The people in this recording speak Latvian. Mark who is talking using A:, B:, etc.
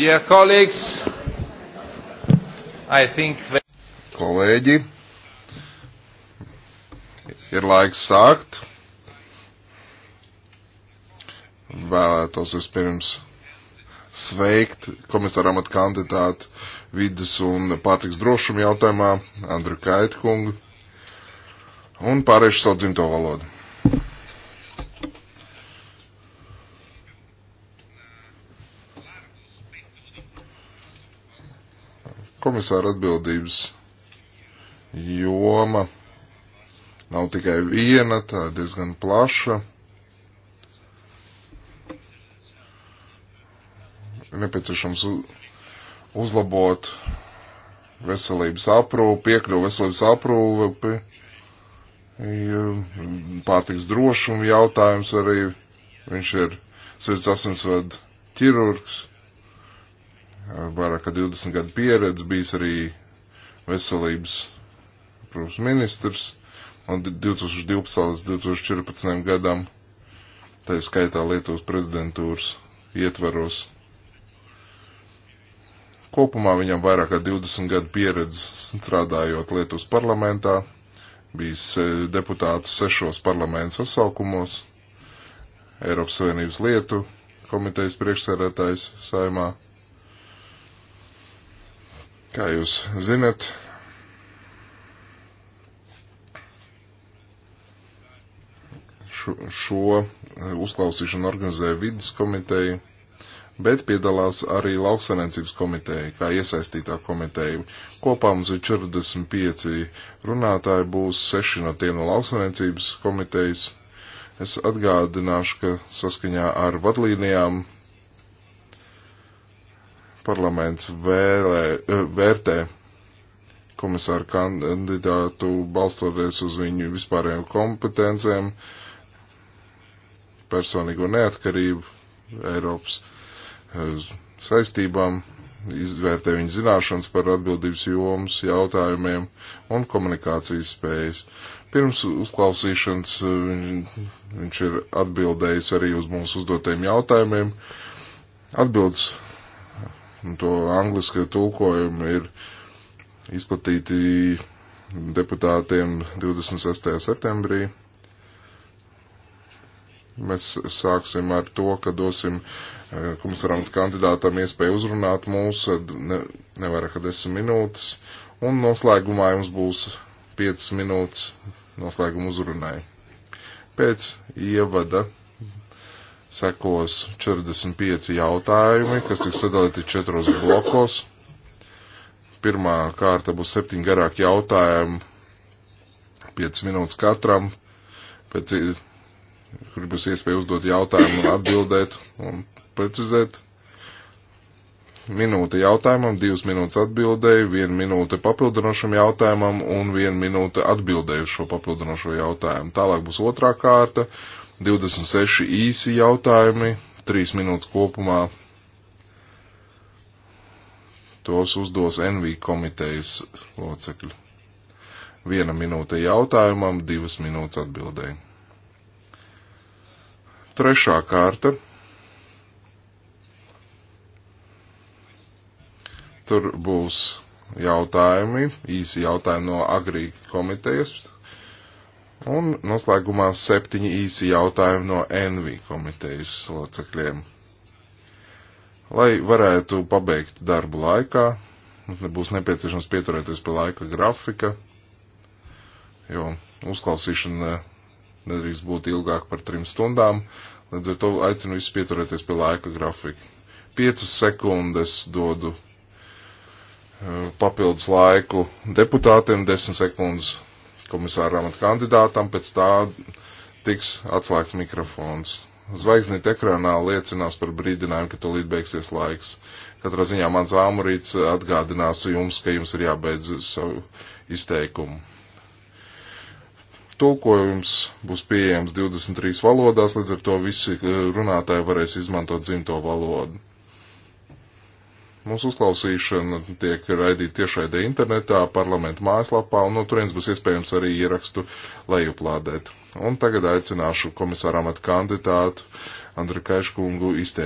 A: Dear colleagues, I think that... Kolēģi, ir laiks sākt. Vēlētos vispirms sveikt komisāram at kandidātu vidas un pārtiks drošuma jautājumā Andru Kaitkungu un pārējušu savu dzimto valodu. komisāra atbildības joma nav tikai viena, tā ir diezgan plaša. Nepieciešams uzlabot veselības aprūpi, piekļuvu veselības aprūpi, pārtiks drošumu jautājums arī. Viņš ir sirds asinsvadu ķirurgs vairāk kā 20 gadu pieredze, bijis arī veselības protams, ministrs un 2012 līdz 2014 gadam, tā ir skaitā Lietuvas prezidentūras ietvaros. Kopumā viņam vairāk kā 20 gadu pieredze strādājot Lietuvas parlamentā, bijis e, deputāts sešos parlamentu sasaukumos, Eiropas Savienības lietu komitejas priekšsēdētājs saimā Kā jūs zinat, šo, šo eh, uzklausīšanu organizē vidas komiteja, bet piedalās arī lauksaimniecības komiteja, kā iesaistītā komiteja. Kopā mums ir 45 runātāji, būs 6 no tiem no lauksaimniecības komitejas. Es atgādināšu, ka saskaņā ar vadlīnijām parlaments vēlē, eh, vērtē komisāru kandidātu balstoties uz viņu vispārējām kompetencēm, personīgo neatkarību, Eiropas eh, saistībām, izvērtē viņa zināšanas par atbildības jomas, jautājumiem un komunikācijas spējas. Pirms uzklausīšanas eh, viņš ir atbildējis arī uz mums uzdotajiem jautājumiem. Atbildes to angliski tulkojumi ir izplatīti deputātiem 26. septembrī. Mēs sāksim ar to, ka dosim eh, komisaram kandidātam iespēju uzrunāt mūs eh, ne, nevairāk kā 10 minūtes, un noslēgumā jums būs 5 minūtes noslēguma uzrunai. Pēc ievada sekos 45 jautājumi, kas tiks sadalīti četros blokos. Pirmā kārta būs septiņi garāki jautājumi, 5 minūtes katram, pēc, kur būs iespēja uzdot jautājumu un atbildēt un precizēt minūte jautājumam, divas minūtes atbildēju, viena minūte papildinošam jautājumam un viena minūte atbildēju šo papildinošo jautājumu. Tālāk būs otrā kārta, 26 īsi jautājumi, 3 minūtes kopumā. Tos uzdos NV komitejas locekļi. Viena minūte jautājumam, divas minūtes atbildēju. Trešā kārta Tur būs jautājumi, īsi jautājumi no agrī komitejas. Un noslēgumā septiņi īsi jautājumi no NV komitejas locekļiem. Lai varētu pabeigt darbu laikā, būs nepieciešams pieturēties pie laika grafika, jo uzklausīšana nedrīkst būt ilgāk par trim stundām, līdz ar to aicinu visus pieturēties pie laika grafika. Piecas sekundes dodu papildus laiku deputātiem, 10 sekundes komisāram un kandidātam, pēc tā tiks atslēgts mikrofons. Zvaigznīt ekranā liecinās par brīdinājumu, ka tūlīt beigsies laiks. Katrā ziņā mans āmurīts atgādinās jums, ka jums ir jābeidz savu izteikumu. Tulkojums būs pieejams 23 valodās, līdz ar to visi eh, runātāji varēs izmantot dzimto valodu. Mūsu uzklausīšana tiek raidīta tiešraidē internetā, parlamentu mājaslapā, un no turienes būs iespējams arī ierakstu lejuplādēt. Un tagad aicināšu komisāram at kandidātu Andru Kaiškungu izteikt.